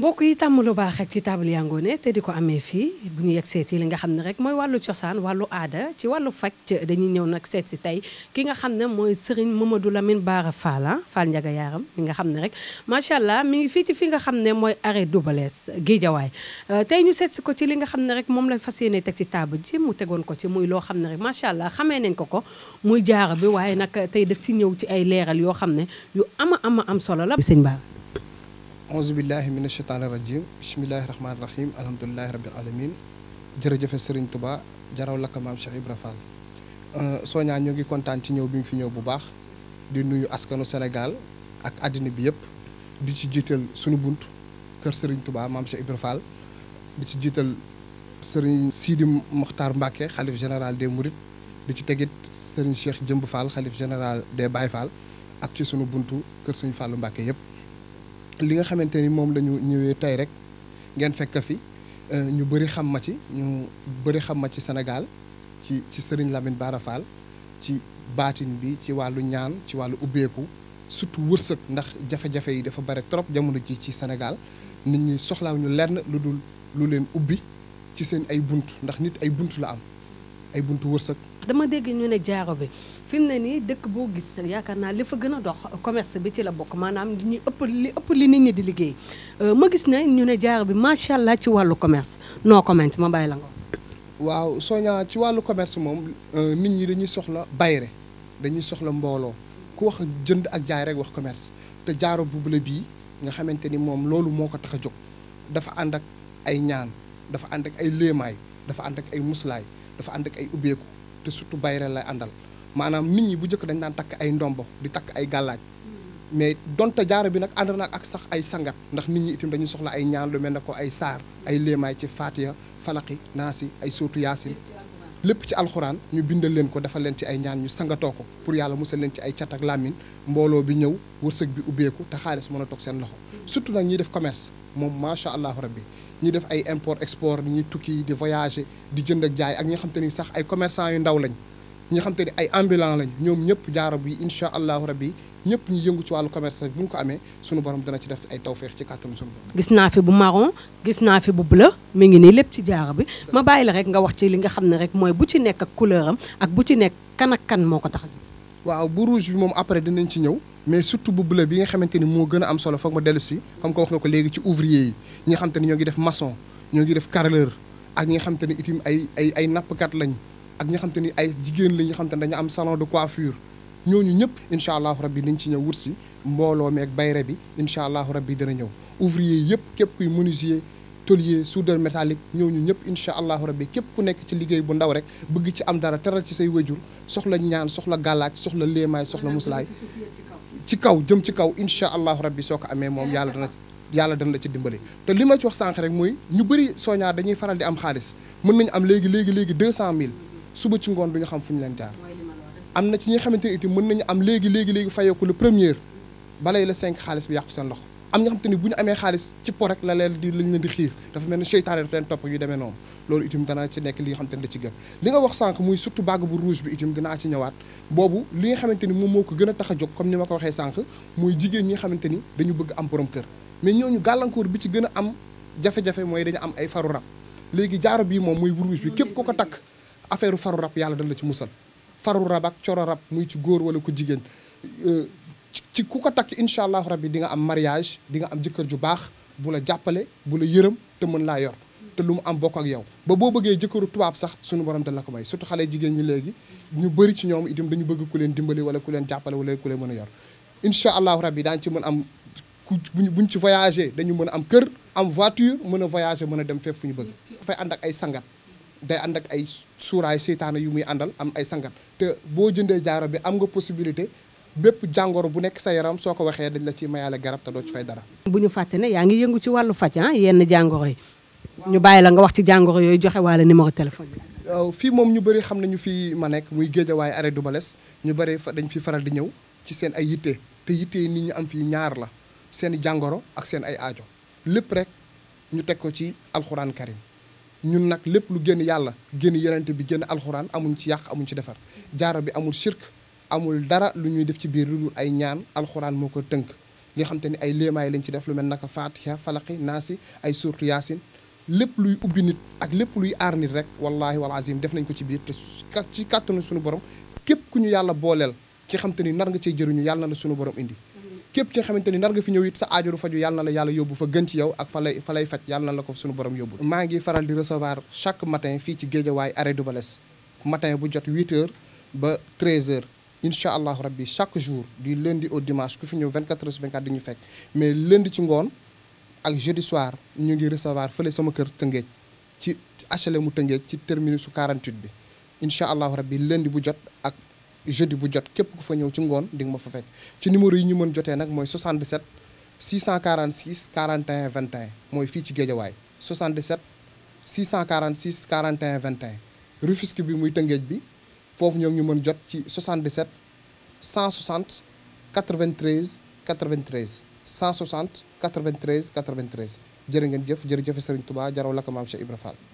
mbokk yi tàmm lu baax rek ci table yaa ngoone te di ko amee fii bu ñu yegg seeti li nga xam ne rek mooy wàllu cosaan wàllu aada ci wàllu faj dañuy ñëw nag seet si tey ki nga xam ne mooy Serigne Mamadou Lamine Bara Fall ah, Fall Ndiaga mi nga xam ne rek macha allah mi ngi fii ci fi nga xam ne mooy arrêt Doubalès Guédiawaay euh, tey ñu seet si ko ci li nga xam ne rek moom la fas yéene teg ci table ji mu tegoon ko ci muy loo xam ne rek macha allah xamee nañ ko ko muy jaara bi waaye nag tey def ci ñëw ci ay leeral yoo xam ne yu ama ama am solo la sëñ Bara auzu billahi mina shaytaani rajim bismillahi rahmaani rahim alhamdulilahi rabbil alamin jërëjëfe sëriñ Touba jaraw lakka maam Cheikh Ibra Fall euh, Soña ñoo ngi kontaan ci ñëw bi ñu fi ñëw bu baax di nuyu askanu senegal ak àddina bi yëpp di ci jiital sunu bunt kër sëriñ Touba maam Cheikh Ibra Fall di ci jiital sëriñ Sidi Mokhtar Mbacke xalif général des Mourides di ci tegit sëriñ Cheikh Jëmb Fall xalif général des Baye Fall ak ci sunu buntu kër sëriñ Fallou Mbacke yëpp li nga xamante ni moom la ñu ñëwee tey rek ngeen fekk fi euh, ñu bëri xam ma ci ñu bëri xam ma ci senegal ci ci Serigne Lamine Bara Fall ci baatin bi ci wàllu ñaan ci wàllu ubbeeku surtout wërsëg ndax jafe-jafe yi dafa bare trop jamono ji ci senegal nit ñi soxlaaw ñu lenn lu dul lu leen ubbi ci seen ay bunt ndax nit ay bunt la am ay buntu wërsëg dama dégg ñu ne jaaro bi fi mu ne nii dëkk boo gis yaakaar naa li fa gën a dox commerce bi ci la bokk maanaam ñi ëpp li ëpp li nit ñi di liggéey euh, ma gis ne ñu ne jaaro bi macha allah ci wàllu commerce noo comment ma bàyyi la nga waaw soña ci wàllu commerce moom euh, nit ñi dañuy soxla bayre dañuy soxla mbooloo ku wax ak jënd ak jaay rek wax commerce te jaaro buble bii nga xamante ni moom loolu moo ko tax a jóg dafa ànd ak ay ñaan dafa ànd ak ay léemaay dafa ànd ak ay muslaay dafa ànd ay ubbeeku te surtout bayre lay àndal maanaam nit ñi bu njëkk dañ daan takk ay ndombo di takk ay gàllaaj mais donte jaaro bi nag àndal na ak sax ay sangat ndax nit ñi itam dañuy soxla ay ñaan lu mel ne ko ay saar ay léemaay ci faatiya falaqi naasi ay sootu yaasin lépp ci alxuraan ñu bindal leen ko defal leen ci ay ñaan ñu sangatoo ko pour yàlla musal leen ci ay cat ak làmmiñ mbooloo bi ñëw wërsëg bi ubbeeku te xaalis mën a toog seen loxo surtout nag ñiy def commerce moom macha allah rabbi ñi def ay import export ñuy tukki di voyager di jënd ak jaay ak ñi nga xam te ni sax ay commerçant yu ndaw lañ ñi nga xam te ay ambulant lañ ñoom ñëpp jaara bi incha allahu rabbi ñëpp ñu yëngu ci wàllu commerce bi bu ñu ko amee sunu borom dana ci def ay tawféex ci kàttanu sunu borom. gis naa fi bu marron gis naa fi bu bleu mi ngi nii lépp ci jaara bi ma bàyyi la rek nga wax ci li nga xam ne rek mooy bu ci nekk ak couleur am ak bu ci nekk kan ak kan moo ko tax waaw bu rouge bi moom après dinañ ci ñëw mais surtout bu bleu bi nga xamante ni moo gën a am solo foog ma dellu si comme ko wax nga ko léegi ci ouvrier yi ñi nga xam ni ñoo ngi def maçon ñoo ngi def carreleur ak ñi nga xam ni itim ay ay ay nappkat lañ ak ñi xam ni ay jigéen la ñu xam ne dañu am salon de coiffure ñooñu ñëpp incha allahu rabbi nañ ci ñëw wut si mbooloo meeg bayre bi incha allahu rabbi dana ñëw ouvrier yëpp képp kuy menuisier tôlier soudeur métallique ñooñu ñëpp incha allahu rabbi képp ku nekk ci liggéey bu ndaw rek bëgg ci am dara teral ci say wajur soxla ñaan soxla gàllaaj soxla léemaay soxla muslaay ci kaw jëm ci kaw incha allahu rabbi soo ko amee moom yàlla dana yàlla dana la ci dimbali te li ma ci sànq rek mooy ñu bëri sooñaar dañuy faral di am xaalis mën nañu am léegi léegi léegi deux cent mille suba ci ngoon duñu xam fu ñu leen jaar am na ci ñi nga xamante ne mën nañu am léegi léegi léegi fayeeku le premier balay la cinq xaalis bi yàqu seen loxo am ñoo xamante ni bu ñu amee xaalis ci po la leen di lañ leen di xiir dafa mel ni seytaane daf leen topp yu demee noonu loolu itam dana ci nekk li nga xamante ni da ci gën li nga wax sànq muy surtout bague bu rouge bi itam dinaa ci ñëwaat boobu li nga xamante ni moom moo ko gën a tax a jóg comme ni ma ko sànq muy jigéen ñi nga xamante dañu bëgg am borom kër mais ñooñu gàllankoor bi ci gën a am jafe dañu am ay faru rab léegi jaaro bii moom muy rouge bi képp ko ko takk affaire faru rab yàlla dana la ci musal faru rab ak coro rab muy ci góor wala ku jigéen ci ku ko takk incha allahu rabbi di nga am mariage di am jëkkër ju baax bu la jàppale bu la yërëm te mën laa yor te lu mu am bokk ak yow ba boo bëggee jëkkëru tubaab sax suñu borom la ko may surtout xale jigéen ñi léegi ñu bëri ci ñoom itam dañu bëgg ku leen dimbali wala ku leen jàppale wala ku leen mën a yor incha allahu rabbi daañu ci mën am bu buñ ci voyagé dañu mën a am kër am voiture mën a voyagé mën a dem fépp fu ñu bëgg dafay ànd ak ay sangat day ànd ak ay suuraay seytaane yu muy àndal am ay sangat te boo jëndee jaaro bi am nga possibilité bépp jàngoro bu nekk sa yaram soo ko waxee dañ la ci mayaale garab te doo ci fay dara. bu ñu fàtte ne yaa ngi yëngu ci wàllu faj ah, yenn jàngoro yi ñu bàyyi la nga wax ci jàngoro yooyu joxe waale numéro téléphone bi. fii moom ñu bëri xam nañu fii ma nekk muy Géejawaay arrêt du bales ñu fa dañ fi faral di ñëw ci seen ay yitte te yitte yi nit ñu am fii ñaar la seen i jàngoro ak seen ay aajo lépp rek ñu teg ko ci alxuraan karim ñun nag lépp lu génn yàlla génn yonent bi génn alxuraan amuñ ci yàq amuñ ci defar jaaro bi amul sirk amul dara lu ñuy def ci biir lu dul ay ñaan alxuraan moo ko tënk nga xam ni ay léemaay lañ ci def lu mel naka faatiha falaqi naasi ay suurtu yaasin lépp luy ubbi nit ak lépp luy aar nit rek wallahi wal azim def nañ ko ci biir te ci kàttanu suñu borom képp ku ñu yàlla booleel ci xam ni nar nga cee jëriñu yàlla na suñu borom indi képp ci nga xamante ni nar fi ñëw it sa aajo faju yàlla na la yàlla yóbbu fa gën ci yow ak fa lay fa lay faj yàlla na la ko suñu borom yóbbu maa ngi faral di recevoir chaque matin fii ci Géejawaay arrêt du bales matin bu jot 8 heures ba 13 heures incha allahu rabbi chaque jour du lundi au dimanche ku fi ñëw 24 heures 24 di ñu fekk mais lundi ci ngoon ak jeudi soir ñu ngi recevoir fële sama kër Tëngéej ci HLM mu Tëngéej ci terminus su 48 bi incha allahu rabbi lundi bu jot ak jeudi bu jot képp ku fa ñëw ci ngoon di nga ma fa fekk ci numéro yi ñu mën jotee nag mooy 77 646 41 21 mooy fii ci Géejawaay 77 646 41 21 Rufisque bi muy Tëngéej bi foofu ñoo ngi ñu mën jot ci 77 160 93 93 160 93 93 jërë ngeen jëf jërëjëf Serigne Touba jaraw la ko maam Cheikh Ibra Fall